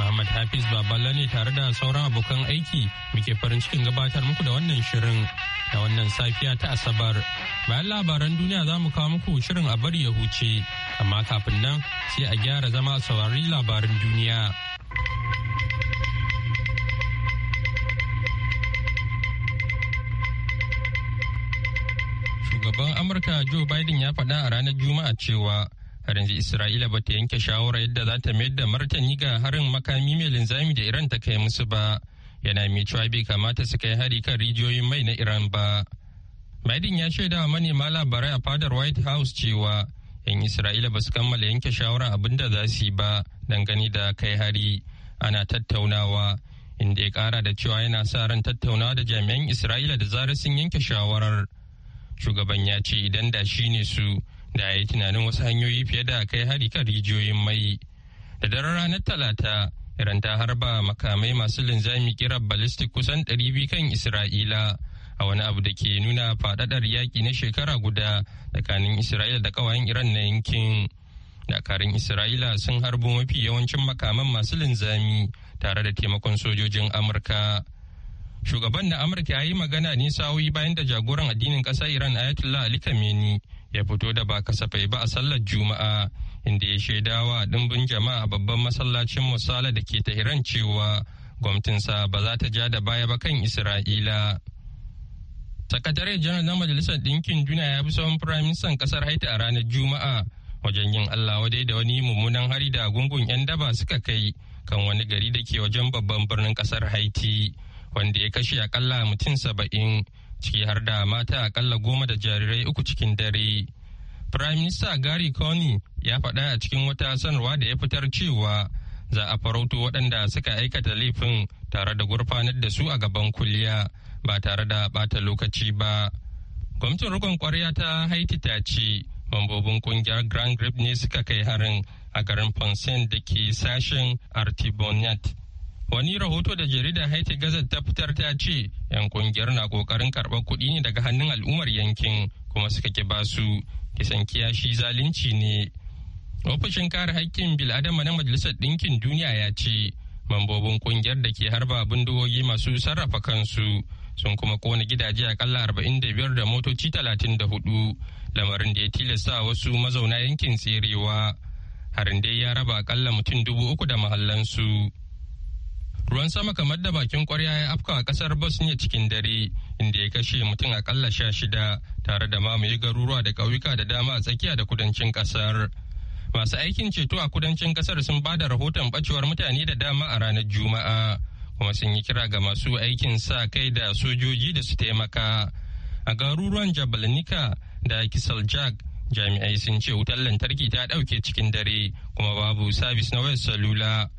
Muhammad Hafiz Baballa ne tare da sauran abokan aiki muke farin cikin gabatar muku da wannan shirin da wannan safiya ta Asabar. Bayan labaran duniya za mu kawo muku shirin a bari ya huce, amma kafin nan sai a gyara zama saurari labarin duniya. Shugaban Amurka Joe Biden ya faɗa a ranar Juma'a cewa har yanzu isra'ila ba ta yanke shawara yadda za ta mayar da martani ga harin makami mai linzami da iran ta kai musu ba yana mai cewa bai kamata su kai hari kan rijiyoyin mai na iran ba biden ya shaida wa manema labarai a fadar white house cewa yan isra'ila ba su kammala yanke shawara abin da za su yi ba dangane da kai hari ana tattaunawa inda ya kara da cewa yana sa ran tattaunawa da jami'an isra'ila da zarar sun yanke shawarar shugaban ya ce idan da shi ne su da ya yi tunanin wasu hanyoyi fiye da kai hari kan rijiyoyin mai da daren ranar talata iran ta harba makamai masu linzami kira ballistic kusan 200 kan isra'ila a wani abu da ke nuna faɗaɗar yaƙi na shekara guda tsakanin isra'ila da ƙawayen iran na yankin dakarun isra'ila sun harbo mafi yawancin makaman masu linzami tare da taimakon sojojin amurka shugaban da amurka ya yi magana ne sa'o'i bayan da jagoran addinin ƙasar iran ayatollah ali khamenei ya fito da ba kasafai ba a sallar juma'a inda ya shaidawa dimbin jama'a babban masallacin musala da ke ta tahiran cewa gwamnatinsa ba za ta ja da baya ba kan isra'ila sakatare janar na majalisar ɗinkin juna ya fi sauran firaministan ƙasar haiti a ranar juma'a wajen yin allah wadai da wani mummunan hari da gungun 'yan daba suka kai kan wani gari da ke wajen babban birnin ƙasar haiti wanda ya kashe akalla mutum saba'in ciki har da mata akalla goma da jarirai uku cikin dare. Prime Minister Gary Coney ya faɗa a cikin wata sanarwa da ya fitar cewa za a farauto waɗanda suka aikata laifin tare da gurfanar da su a gaban kuliya ba tare da bata lokaci ba. Gwamnatin rukun kwarya ta Haiti ta ce mambobin kungiyar Grand Grip ne suka kai harin a garin Ponsen da ke sashen Artibonite Wani rahoto da jaridar Haiti Gazette ta fitar ta ce, ‘yan kungiyar na kokarin karɓar kuɗi ne daga hannun al'ummar yankin kuma suka ki basu, kisan kiyashi zalunci ne. Ofishin kare haƙƙin bil'adama na Majalisar Ɗinkin Duniya ya ce, mambobin kungiyar da ke harba bindigogi masu sarrafa kansu sun kuma kona gidaje akalla 45 da motoci talatin da 34 lamarin da ya tilasta wasu mazauna yankin tserewa harin dai ya raba akalla mutum dubu uku da mahallansu ruwan sama kamar da bakin kwarya ya afka a kasar bosnia cikin dare inda ya kashe mutum akalla sha shida tare da mamaye garuruwa da ƙauyuka da dama a tsakiya da kudancin kasar masu aikin ceto a kudancin kasar sun ba da rahoton bacewar mutane da dama a ranar juma'a kuma sun yi kira ga masu aikin sa kai da sojoji da su taimaka a garuruwan jabalnika da kisaljak jami'ai sun ce wutar lantarki ta ɗauke cikin dare kuma babu sabis na wayar salula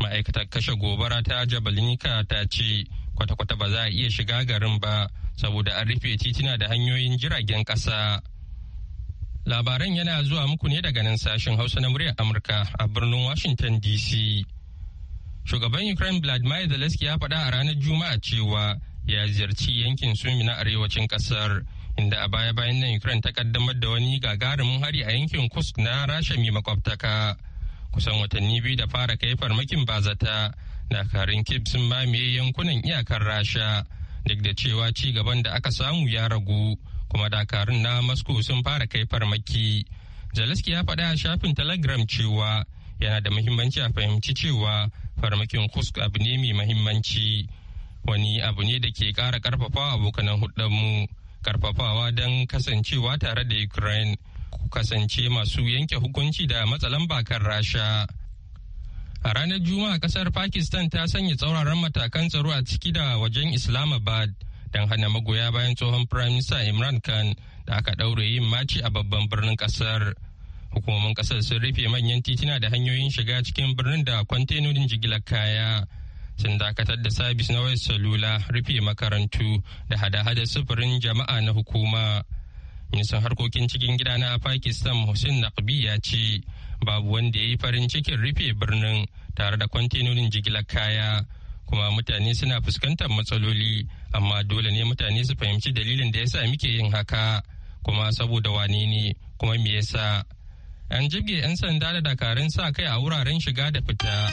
ma'aikatar kashe gobara ta jabalnika ta ce kwata-kwata ba za a iya shiga garin ba saboda an rufe titina da hanyoyin jiragen ƙasa. labaran yana zuwa muku ne daga nan sashen hausa na muryar amurka a birnin washington dc shugaban ukraine vladimir zelensky ya faɗa a ranar juma'a cewa ya ziyarci yankin sumi na arewacin ƙasar inda a baya-bayan nan ukraine ta kaddamar da wani gagarumin hari a yankin kusk na rasha mai makwabtaka kusan watanni biyu da fara kai farmakin bazata dakarun kib sun mamaye yankunan iyakar rasha duk da cewa ci gaban da aka samu ya ragu kuma dakarun na moscow sun fara kai farmaki zelensky ya faɗa a shafin telegram cewa yana da muhimmanci a fahimci cewa farmakin kusk abu ne mai muhimmanci wani abu ne da ke ƙara ƙarfafa abokanan mu karfafawa don kasancewa tare da ukraine kasance masu yanke hukunci da matsalan bakar rasha a ranar juma'a kasar pakistan ta sanya tsauraran matakan tsaro a ciki da wajen islamabad don hana magoya bayan tsohon firaminista imran khan da aka ɗaure yin maci a babban birnin kasar hukumomin kasar sun rufe manyan titina da hanyoyin shiga cikin birnin da kwantenonin jigilar kaya sun dakatar da sabis na wayar salula rufe makarantu da hada-hada sufurin jama'a na hukuma. ministan harkokin cikin gida na pakistan hussein naqbi ya ce babu wanda ya yi farin cikin rufe birnin tare da kwantenonin jigilar kaya kuma mutane suna fuskantar matsaloli amma dole ne mutane su fahimci dalilin da ya sa muke yin haka kuma saboda wane ne kuma me yasa an jibge 'yan sanda da dakarun sa kai a wuraren shiga da fita.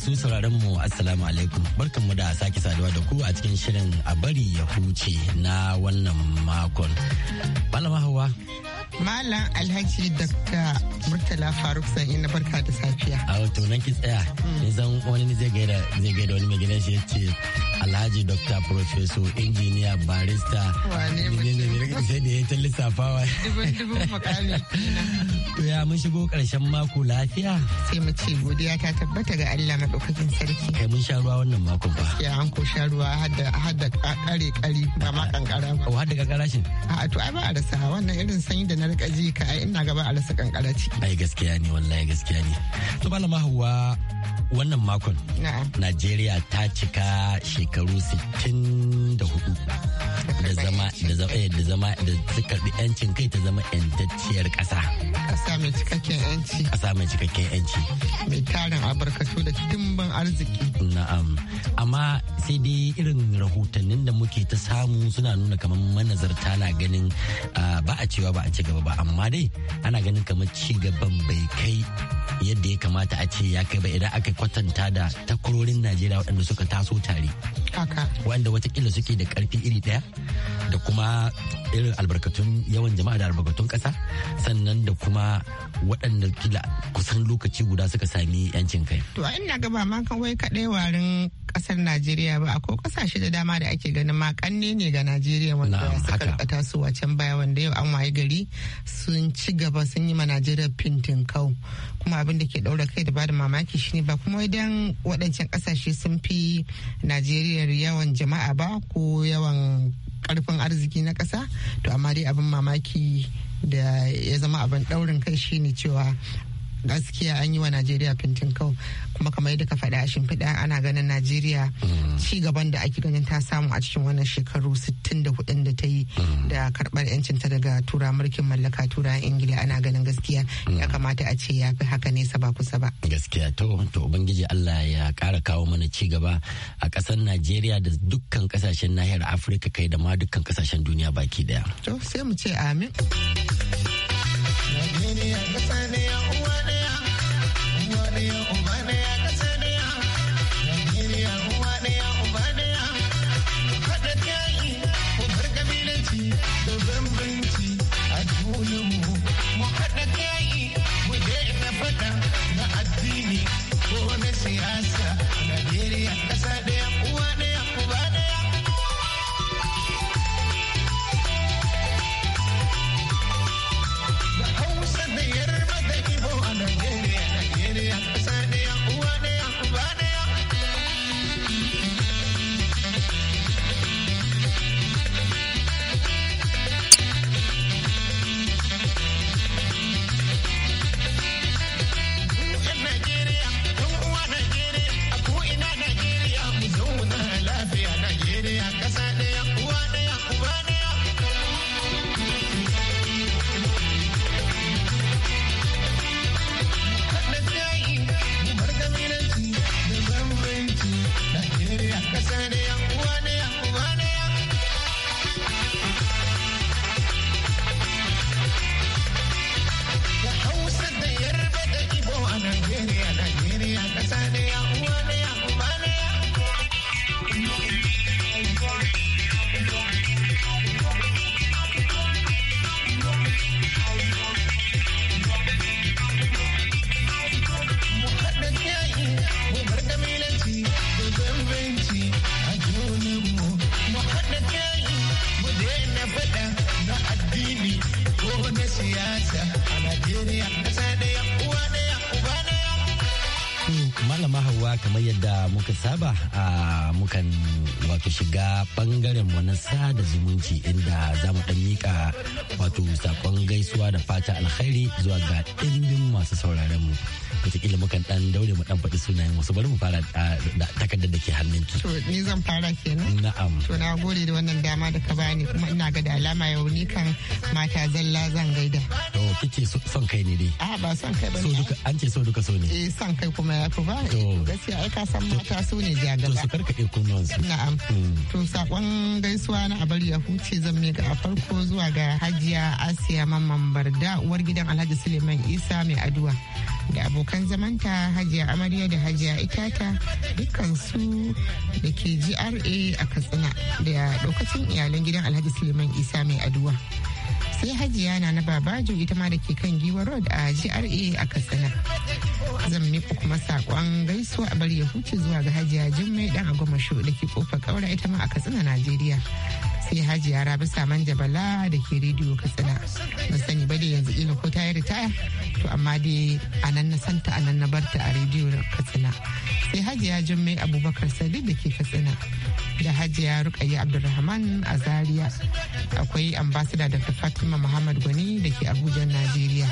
masu sauraron mu assalamu alaikum mu da sake saduwa da ku a cikin shirin a bari ya huce na wannan makon. Malama Hawa. Malam Alhaji Dr. Murtala Faruk san ina barka da safiya. A to nan ki tsaya. Kin mm. san wani zai gaida wani mai gidan shi ya ce alhaji dr professor injiniya barista Wane sai da ya ta lissafawa to ya mun shigo karshen mako lafiya sai mu ce godiya ta tabbata ga allah maɗaukakin sarki kai mun sha ruwa wannan mako ba ya an ko sha ruwa har da kare ƙari ba ma ƙanƙara ba har da ƙanƙara shin a to ai ba a rasa wannan irin sanyi da na rika ji ka ai ina gaba a rasa ƙanƙara ciki ai gaskiya ne wallahi gaskiya ne to malama Hauwa wannan makon najeriya ta cika shekaru 64 da zama da zama eh, da zama da karbi yancin kai ta zama yantacciyar ƙasa. Ƙasa mai cikakken yanci. Ƙasa mai cikakken yanci. Mai tarin albarkatu da timban arziki. Na'am. Amma sai dai irin rahotannin da muke ta samu suna nuna kamar manazarta na ganin ah, ba a cewa ba a ci gaba ba amma dai ana ganin kamar ci gaban bai kai yadda ya kamata a ce ya kai ba idan aka kwatanta da takwarorin najeriya waɗanda suka taso tare waɗanda watakila suke da ƙarfi iri ɗaya da kuma irin albarkatun yawan jama'a da albarkatun ƙasa sannan da kuma waɗanda kila kusan lokaci guda suka sami yancin kai to ina gaba ma kan wai kaɗai warin ƙasar najeriya ba akwai ƙasashe da dama da ake ganin ma ƙanne ne ga najeriya wanda suka tasowa can baya wanda yau an waye gari sun ci gaba sun yi ma najeriya fintin kau kuma abin da ke ɗaura kai da bada mamaki shi ne ba kuma idan waɗancan ƙasashe sun fi najeriya yawan jama'a ba ko yawan ƙarfin arziki na ƙasa to amma dai abin mamaki da ya zama abin ɗaurin kai shine cewa gaskiya an yi wa najeriya fintin kau kuma kamar yadda ka faɗi a shimfiɗa ana ganin najeriya mm. ci gaban da ake ganin ta samu a cikin wannan shekaru 64 da da ta yi mm. da karɓar yancinta daga tura mulkin mallaka tura ingila ana ganin gaskiya mm. ya kamata a ce ya fi haka nesa ba kusa ba gaskiya to to ubangiji allah ya ƙara kawo mana ci gaba a ƙasar najeriya da dukkan ƙasashen nahiyar afirka kai da ma dukkan ƙasashen duniya baki ɗaya. to sai mu ce amin Najeriya ƙasa ne ya uwa ɗaya, uwa ɗaya, uba ɗaya bangaren mu na sada zumunci inda za mu dan mika wato sakon gaisuwa da fata alkhairi zuwa ga dindin masu sauraron mu wataƙila mukan dan daure mu dan faɗi sunayen wasu bari mu fara da takardar da ke hannun ki. ni zan fara kenan. na'am. to na gode da wannan dama da ka bani kuma ina ga da alama yau ni kan mata zalla zan gaida. to kike son kai ne dai. a ah, ba son kai ba so duka an ce so duka so ne. eh son kai kuma ya ku ba. to gaskiya ai ka san mata su ne jagaba. to su kunuwan su. na'am. Hmm. to sakon gaisuwa na abar ya huce zan mika a farko zuwa ga hajiya asiya mamman barda uwar gidan alhaji suleiman isa mai aduwa da abokan zamanta hajiya amarya da hajiya itata dukkan su da ke gra a katsina da lokacin iyalan gidan alhaji suleiman isa mai aduwa sai hajiya na na babajo ita ma da ke kan giwa road a gra a katsina zan miƙa kuma saƙon gaisuwa a bari ya huce zuwa ga hajiya jimmai dan agomasho da ke kofa ƙaura ita ma a katsina najeriya sai hajiya rabi saman jabala da ke rediyo katsina ban sani ba yanzu ila ko ta yi ritaya to amma dai a nan na santa a nan na barta a rediyo katsina sai hajiya jummai abubakar sadiq da ke katsina da hajiya rukayi abdulrahman a zaria akwai ambasada da fatima muhammad gwani da ke abuja najeriya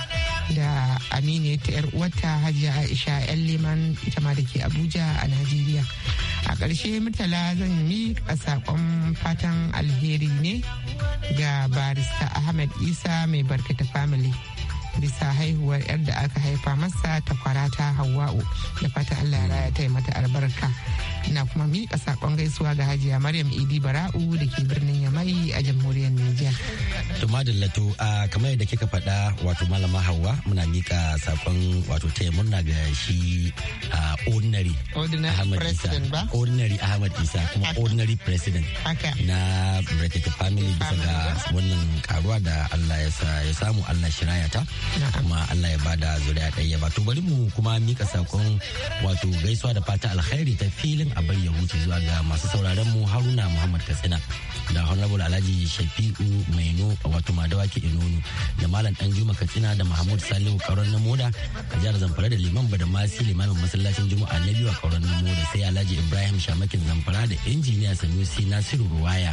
da aminu ta yar uwarta hajiya aisha yan liman ita ma da ke abuja a najeriya a ƙarshe murtala zan yi a saƙon fatan alheri ne ga barista ahmed isa mai barkata family bisa haihuwar yar da aka haifa masa ta kwarata hawa'u da fata allah ya ta yi mata albarka na kuma miƙa saƙon gaisuwa ga hajiya maryam idi bara'u da ke birnin yamai a jamhuriyar nijar da lato a kamar yadda kika faɗa wato malama hawa muna miƙa saƙon wato taya murna ga shi a ordinary ahmad isa ordinary ahmad isa kuma ordinary president na breakfast family bisa ga wannan karuwa da allah ya samu allah shirayata ta kuma Allah ya bada zuriya ɗaya ba to bari mu kuma mika sakon wato gaisuwa da fata alkhairi ta filin a ya huce zuwa ga masu sauraron mu Haruna Muhammad Katsina da Honorable Alhaji Shafi'u Maino wato ke Inonu da Malam Danjuma Katsina da Mahmud Salihu Karon na Moda a jihar Zamfara da Liman Masi Limamin masallacin Juma'a na biyu a Karon na Moda sai Alhaji Ibrahim Shamakin Zamfara da injiniya Sanusi Nasiru Ruwaya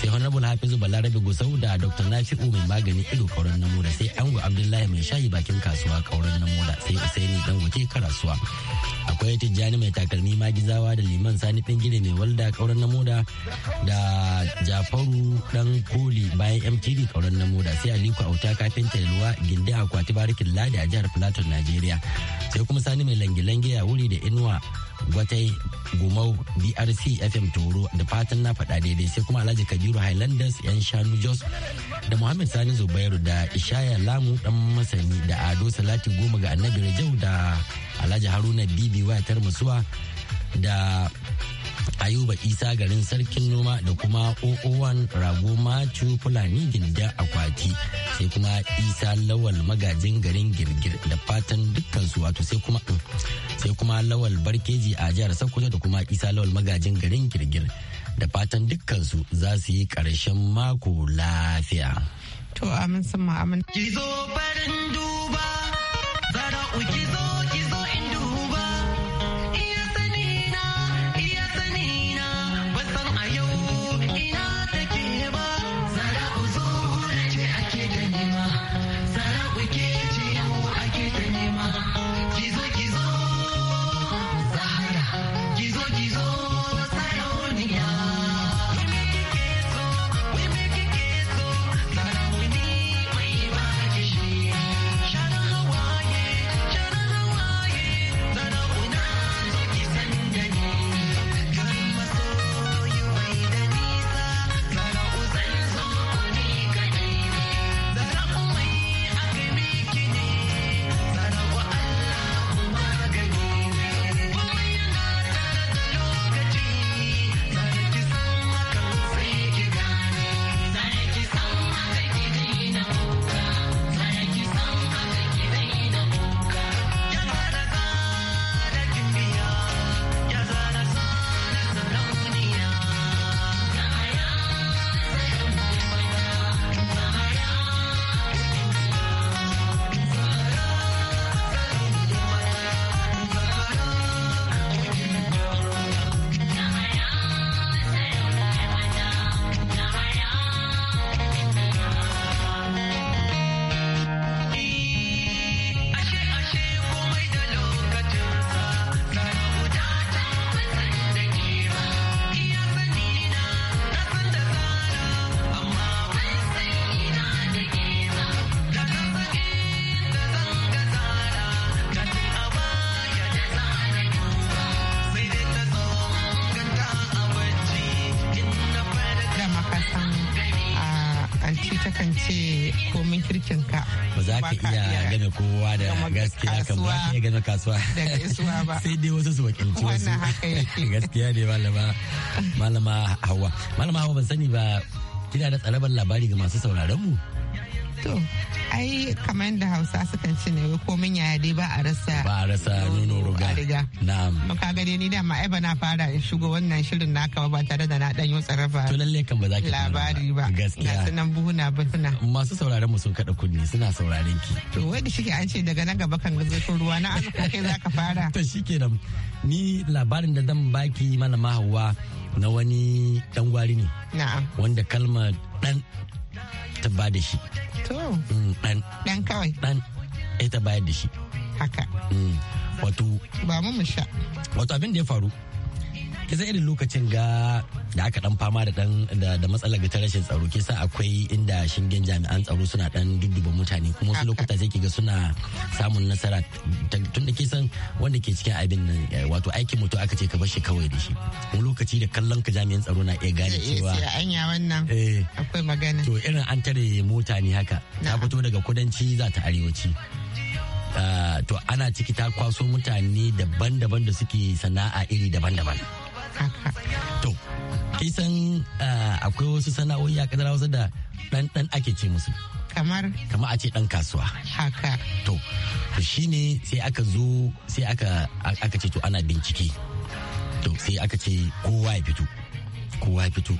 sai Honorable Hafizu Balarabe Gusau da Dr. Nafi'u mai magani ido Karon na Moda sai Ango Abdullahi Ibrahim mai shayi bakin kasuwa kauran na mola sai ne dan wuce karasuwa. Akwai Tijjani mai takalmi magizawa da liman sani pingire mai walda kauran na moda da Jafaru dan koli bayan MTD kauran na moda sai Aliko Auta kafin ruwa gindi akwati barikin ladi a jihar Plateau Najeriya. Sai kuma Sani mai langilangiya wuri da Inuwa gwatai gumau drc fm toro da fatan na faɗa daidai sai kuma alhaji kabiru highlanders yan shanu jos da muhammad sani zubairu da ishaya lamu dan masani da ado salati goma ga annabi rajau da alhaji haruna bibi wayatar masuwa da ayuba isa garin sarkin noma da kuma oo1 rago machu fulani gindin akwati sai kuma isa lawal magajin garin girgir da fatan dukkansu wato sai kuma sai kuma lawal barkeji a jihar sokoto da kuma isa lawal magajin garin girgir da fatan dukkansu za su yi karshen mako lafiya to amin sun ma'amin. Ki zo farin kasuwa ya gano kasuwa da ba sai dai wasu su wakilci wasu gaskiya ne malama malama hawa malama hawa ban sani ba kina da tsarabar labari ga masu sauraron mu to ai kamar da hausa sukan ci ne komin yaya dai ba a rasa ba a rasa nono ruga na'am na'am ka ga ni da ma ai ba na fara in shigo wannan shirin naka ba tare da na dan yau tsarafa to lalle kan ba za ki labari ba gaskiya sunan buhuna buhuna masu sauraron mu sun kada kunni suna sauraren ki to wai da shike an ce daga na gaba kan gazetun ruwa na aka kai ka fara to shikenan ni labarin da zan baki malama hawa na wani dan gwari ne wanda kalmar dan ta ba da shi mm, Ɗan. Ɗan kawai Ɗan ita bayar da shi haka mm. wato ba mu sha wato abin da ya faru kisa irin lokacin ga da aka dan fama da dan da matsalar ta rashin tsaro kisa akwai inda shingen jami'an tsaro suna dan dudduba mutane kuma wasu lokuta sai kiga suna samun nasara tun da kisan wanda ke cikin abin nan eh, wato aikin mutu aka ce ka bar shi kawai da shi kuma lokaci da kallon ka jami'an tsaro na iya gane cewa anya wannan eh, akwai magana to irin an tare mota ne haka ta fito daga kudanci za ta arewaci ah, to ana ciki ta kwaso mutane daban-daban da suke sana'a iri daban-daban to kisan eh, akwai wasu sana'o'i a kadar hausa da ɗan ɗan ake ce musu kamar kamar a ce ɗan kasuwa haka to to ne sai aka zo sai aka ce to ana bincike to sai aka ce kowa ya fito kowa ya fito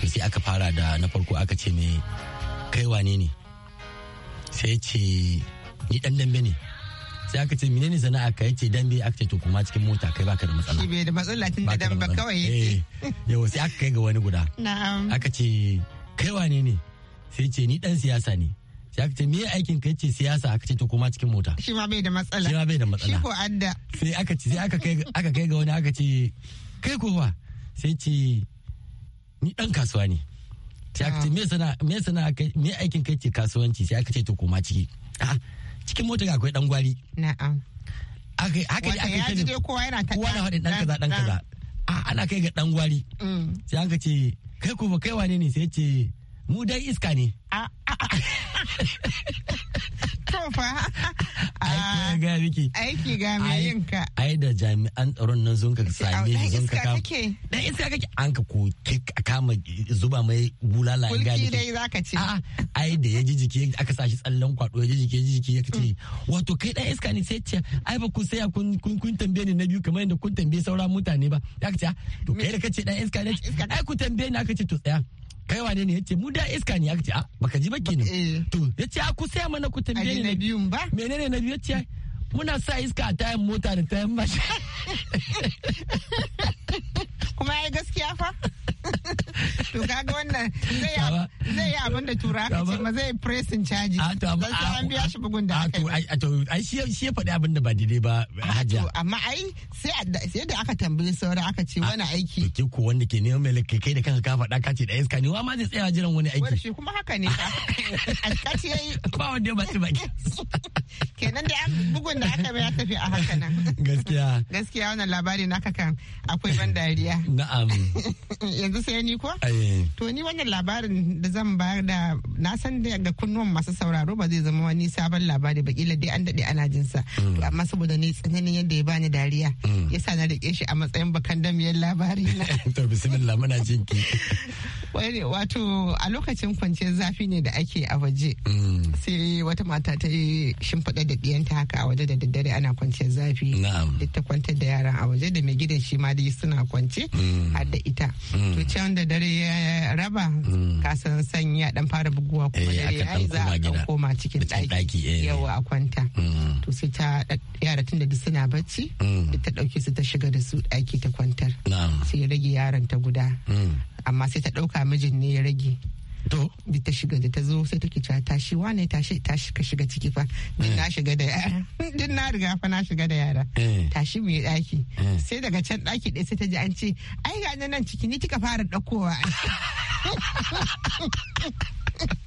to sai aka fara da na farko aka ce mai kai wane ne sai ce ni dan dambe ne sai aka ce menene sana'a ka yace dambe aka ce to kuma cikin mota kai baka da matsala shi bai da matsala tun da damba kawai yake eh, yawa sai aka kai ga wani guda aka ce kai wane ne sai ce ni dan siyasa ne sai aka ce me aikin ka yace siyasa aka ce to kuma cikin mota shi ma bai da matsala shi ma bai da matsala shi ko adda sai aka ce sai aka kai aka kai ga wani aka ce kai ko sai ce ni dan kasuwa ne sai aka ce me sana'a me sana'a me aikin ka yace kasuwanci sai aka ce to kuma ciki ah, cikin mota akwai dan gwari na'am dan ana kai ga dan gwari mm. sai an ce kai ko kai wane ne sai ce mu dai iska ne To fa. Ah, ga Aiki ga mai yin ka. Ai da jami'an tsaron nan zon ka same ni zon ka kama. Dan iska kake. An ka ko kama zuba mai bulala ga miki. Kulki dai zaka ce. A'a ai da ya ji jiki aka sa shi tsallan kwado ya ji jiki ya ji jiki ya ce mm. wato kai dan iska ne sai ce ai ba ku sai kun kun tambaye ni na biyu kamar yadda kun tambaye sauran mutane ba. Ya ce to kai da kace dan iska ne ai ku tambaye ni aka ce to tsaya. kai wane ne yace mu da iska ne aka ce a ah, baka ji ba kenan eh. to yace a ah, ku sai mana ku tambaye ni na biyun ba menene na biyu yace muna sa iska a tayan mota da tayan mashin kuma ya gaskiya fa to kaga wannan zai yi abin da tura aka ce ma zai pressing charges ah, don a ah, an biya ah, shi bugun da aka yi to ai shi ya faɗi abin da ba daidai ba hajja amma ai sai da aka tambaye saura aka ce wani aiki to ko wanda ke neman mai kai da kanka ka faɗa ka ce da iska ne wa ma zai tsaya jiran wani aiki shi kuma haka ne ka alkaci yayi ba wanda ya ba baki kenan da bugun da aka ya tafi a haka nan gaskiya gaskiya wannan labari naka kan akwai ban dariya na'am yanzu sai ni ko to ni wannan labarin da zan bayar da na san da ga kunnuwan masu sauraro ba zai zama wani sabon labari ba kila dai an dade ana jin sa mm. amma saboda ni tsananin yadda ya bani dariya mm. yasa na rike shi a matsayin bakan damiyar labari na to bismillah muna jin ki wato a lokacin kwanciyar zafi ne da ake a waje mm. sai wata mata ta yi shimfiɗa da ɗiyanta haka a waje da daddare ana kwance zafi duk ta kwantar da yaran a waje da mai gidan shi ma dai suna kwance mm. har da ita mm. to can da dare ya raba mm. san sanyi ya dan fara buguwa kuma eh, dare ya yi za a dan koma cikin ɗaki eh. yawa a kwanta to sai ta yara tun da suna bacci duk ta ɗauke su ta shiga da su ɗaki ta kwantar sai rage yaran ta guda amma sai ta ɗauka mijin ne ya rage to bi ta shiga da ta zo sai take cewa ta shi wane ta shi ka shiga ciki fa din na eh. shiga da yara din na riga fa na shiga da yara eh. ta shi mu yi daki eh. sai daga can daki dai sai ta ji an ce ai ga nan ciki ni kika fara ɗaukowa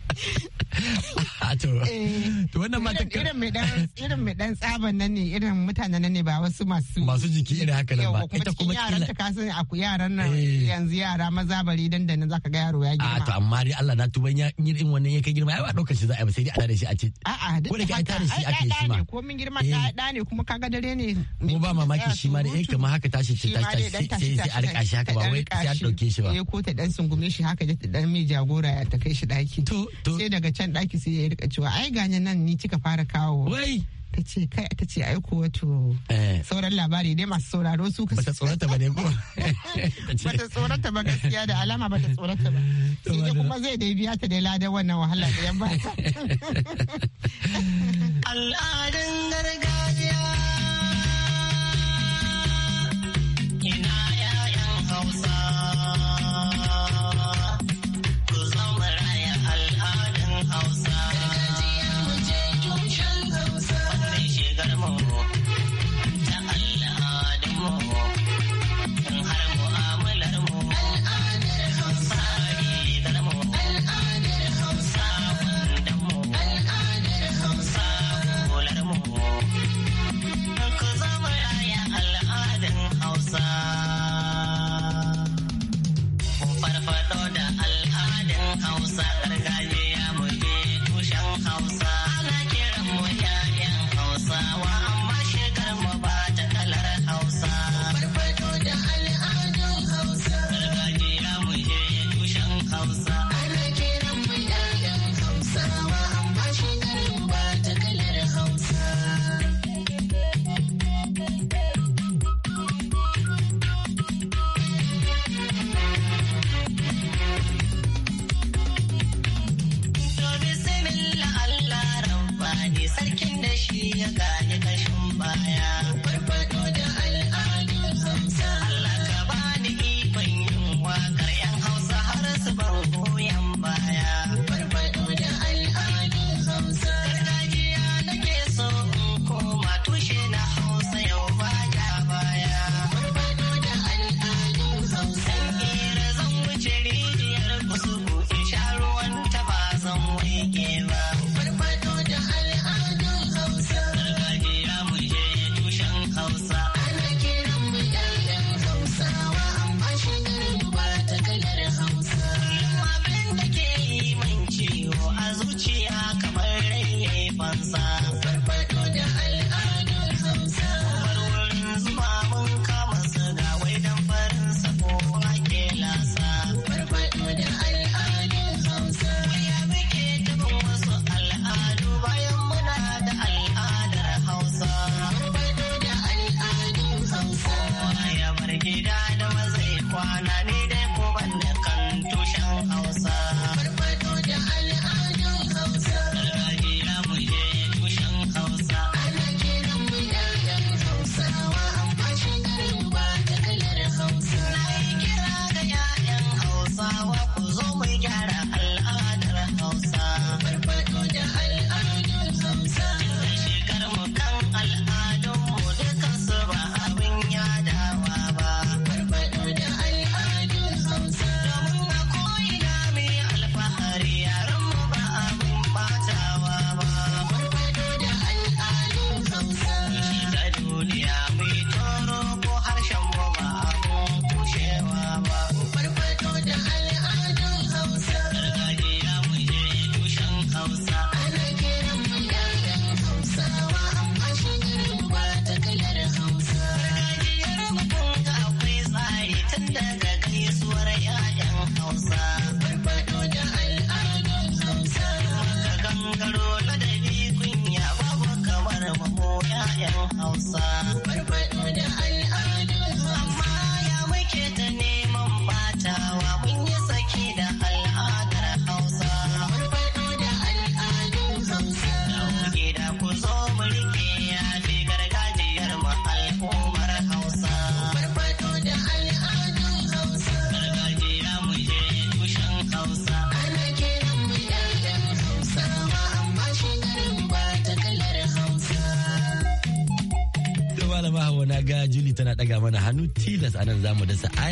Ah, eh. to wannan mata irin dan irin mai dan tsaban nan ne irin mutanen nan ne ba wasu masu masu jiki irin haka nan ba ita kuma yaran ta kasan aku yaran nan eh. yanzu yara maza bari dan da nan zaka ga yaro ya girma a ah, to amma dai Allah na tuban ya in irin wannan ya kai girma ai ba daukar shi za a sai dai ana da shi a ce a a ko da kai tare shi ake shi ma ko min girma da eh. da ne kuma kaga dare ne mu ba mamaki shi ma da eh kamar haka tashi ce tashi sai sai a rika shi haka ba wai sai a dauke shi ba eh ko ta dan sungume shi haka da dan mai jagora ya ta kai shi daki to sai daga can ɗaki sai ya rika cewa ai ganya nan ni kika fara kawo wai ta ce kai ta ce ko wato eh. sauran labari dai masu sauraro su ka bata tsorata ba ne ko bata tsorata ba gaskiya da alama bata tsorata ba sai dai kuma zai dai biya ta da ladan wannan wahala da yan ba al'adan gargajiya ke da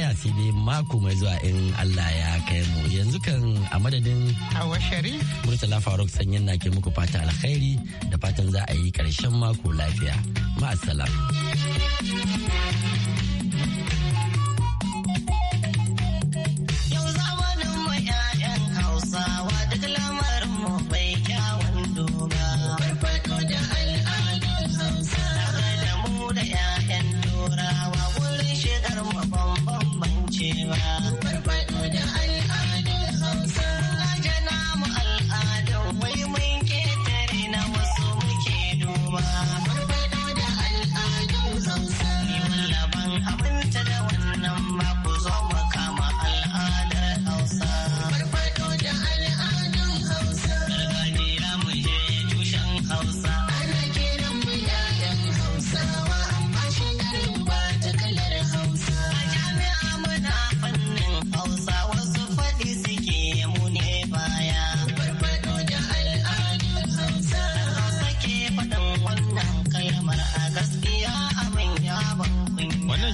tsaya sai dai mako mai zuwa in Allah ya kai mu yanzu kan a madadin Hawa Sharif Murtala Faruk sanyin na ke muku fata alkhairi da fatan za a yi ƙarshen mako lafiya ma'assalam.